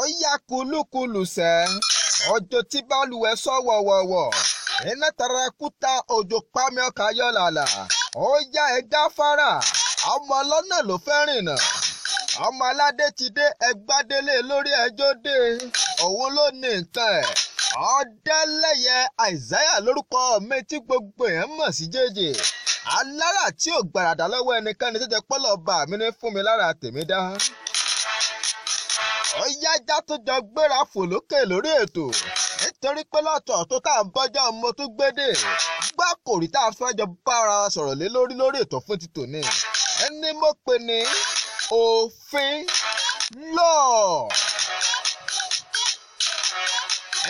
ọ̀ya kulukulu sẹ́ ọjọ tí balùwẹ̀ sọ wọ̀wọ̀wọ̀ iná tara kúta òjò pami ọkà yọ làlà ọ̀ya ẹ̀gá e fara ọmọ ọlọ́nà ló fẹ́ rìnà ọmọ aládé ti dé ẹgbádélé lórí ẹjọ́ dé òun ló ní nǹkan ẹ̀ ọ̀dẹ́lẹ̀yẹ àìsáyà lórúkọ mi tí gbogbo yẹn mọ sí jẹ́jẹ́. alára tí ò gbàràdà lọ́wọ́ ẹnikẹ́ni tó jẹ́ pọ́lọ̀ ọba mi ní fún mi lára tèmi dá. ọ̀yájá tó jọ gbéra fò lókè lórí ètò nítorí pé lọ́tọ̀ tó tá à ń bọ́jọ́ mo tún gbédè gbá kò rí tá a fẹ́ jọ bá ara wa sọ̀rọ̀ lé lórí lórí ètò fún ti tòní ẹni mo pè ní òfin lọ́ọ̀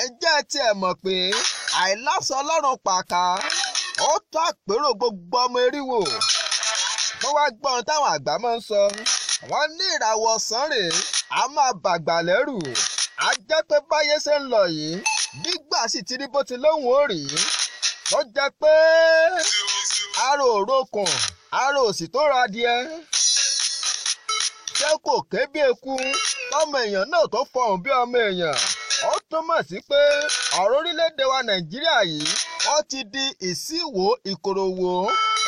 ẹ jẹ́ tiẹ̀ mọ̀ pé àìlásọ ọlọ́run pàkà tó àpérò gbogbo ọmọ eríwò wọ́n wá gbọ́ táwọn àgbà máa ń sọ wọ́n ní ìràwọ̀ ọ̀sán rèé a máa bàgbà lẹ́rù a jẹ́ pé báyé ṣe ń lọ yìí gbígbà sì ti rí bó ti lóhùn ó rí tó jẹ́ pé aró òrokùn aró òsì tó ra adìẹ jẹ́ kò ké bí eku ọmọ èèyàn náà tó fọhùn bí ọmọ èèyàn ó túmọ̀ sí pé ọ̀rọ̀ orílẹ̀-èdè wa nàìjíríà yìí ó ti di ìsíwò ìkòròwò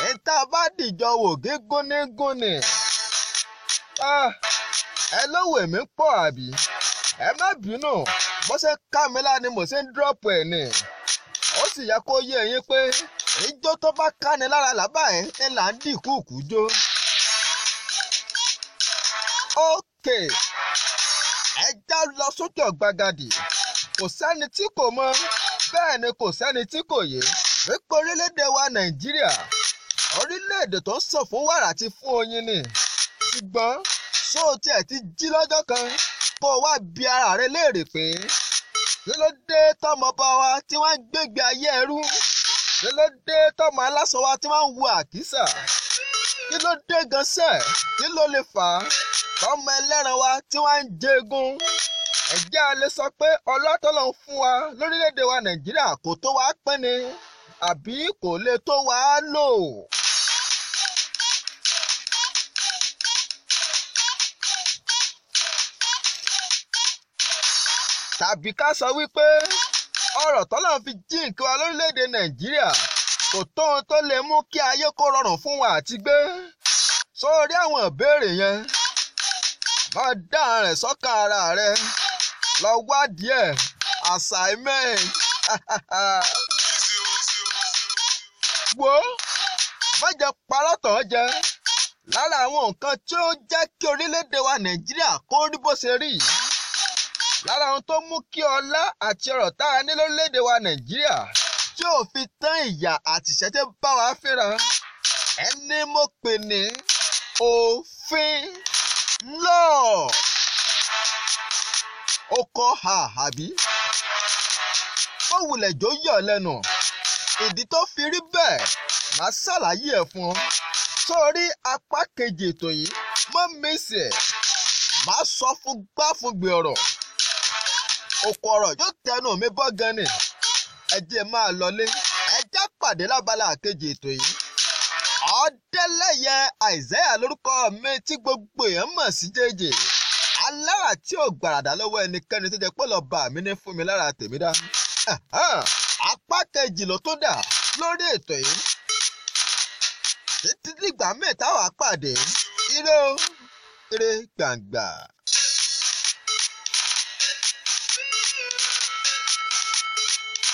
níta bá dìjọ wò gígúnigúni. Ah, ẹ lówó èmi pọ̀ àbí ẹ má bínú bó ṣe ká mi lá ni mo ṣe ń dúrọ́pù ẹ̀ ni ó sì yẹ kó yé yín pé ijó tó bá káni lára làbá ẹ̀ ni là ń dìkúùkú jó. ókè. Okay ẹ já lọ sókè ọ̀gbagadì kò sẹ́ni tí kò mọ bẹ́ẹ̀ ni kò sẹ́ni tí kò yé wípé orílẹ̀-èdè wa nàìjíríà orílẹ̀-èdè tó ń sọ fún wàrà ti fún oyin ni ṣùgbọ́n ṣó o tiẹ̀ ti jí lọ́jọ́ kan kó o wá bi ara rẹ léèrè pé kí ló wa tí wọ́n ń gbégbé ayé ẹrú kí ló dé tọmọ aláṣọ wa tí wọ́n ń wo àkísà kí ló dé gan sẹ́ẹ̀ kí ló lè fà á tọ́mọ ẹlẹ́ran wa tí wọ́n ń jẹgun ẹ̀jẹ̀ a lè sọ pé ọlọ́tọ́lọ́ ń fún wa lórílẹ̀‐èdè wa nàìjíríà kò tó wa pín ni àbí kò lè tó wa lò. tàbí ká sọ wípé ọ̀rọ̀ tọ́lọ́ fi jí nǹkan wa lórílẹ̀‐èdè nàìjíríà kò tó ohun tó lè mú kí ayé kó rọrùn fún wa àti gbé sórí àwọn ìbéèrè yẹn ọ̀dàn rẹ̀ sọ́kà ara rẹ̀ lọ wádìí ẹ̀ assignment wo má jẹ́ parọ́tọ̀ jẹ lára àwọn nǹkan tí ó jẹ́ kí orílẹ̀-èdè wa nàìjíríà kó rí bó ṣe rí yìí lára ohun tó mú kí ọlá àti ọ̀rọ̀ tá a ní lórílẹ̀‐èdè wa nàìjíríà tí ò fi tán ìyà àti ìṣẹ́jẹ́ bá wa fínra ẹni mo pè ní òfin lọ. ó kọ́ ha àbí. ó wulẹ̀ jó yọ̀ lẹ́nu. ìdí tó fi rí bẹ́ẹ̀ màá ṣàlàyé ẹ̀ fún ọ. sórí apá kejì ètò yìí mọ́ mi sè é màá sọ fún gbá fún gbé ọ̀rọ̀. òkò ọ̀rọ̀ yóò tẹnu mi bọ́ gan ni. ẹ máa lọlé ẹ pàdé lábala àkejì ètò yìí. Ọdẹ́lẹ́yẹ Isaiah lórúkọ mi tí gbogbo èèyàn mọ̀ sí jẹ́jẹ́ alára tí ò gbàràdà lọ́wọ́ ẹnikẹ́ni tó jẹ́ pé lọ́ọ́ bá mi ní fún mi lára tèmi dá apá kejì ló tó dà lórí ètò yìí títí dìgbà mẹ́ta wàá pàdé ire o ire gbàǹgbà.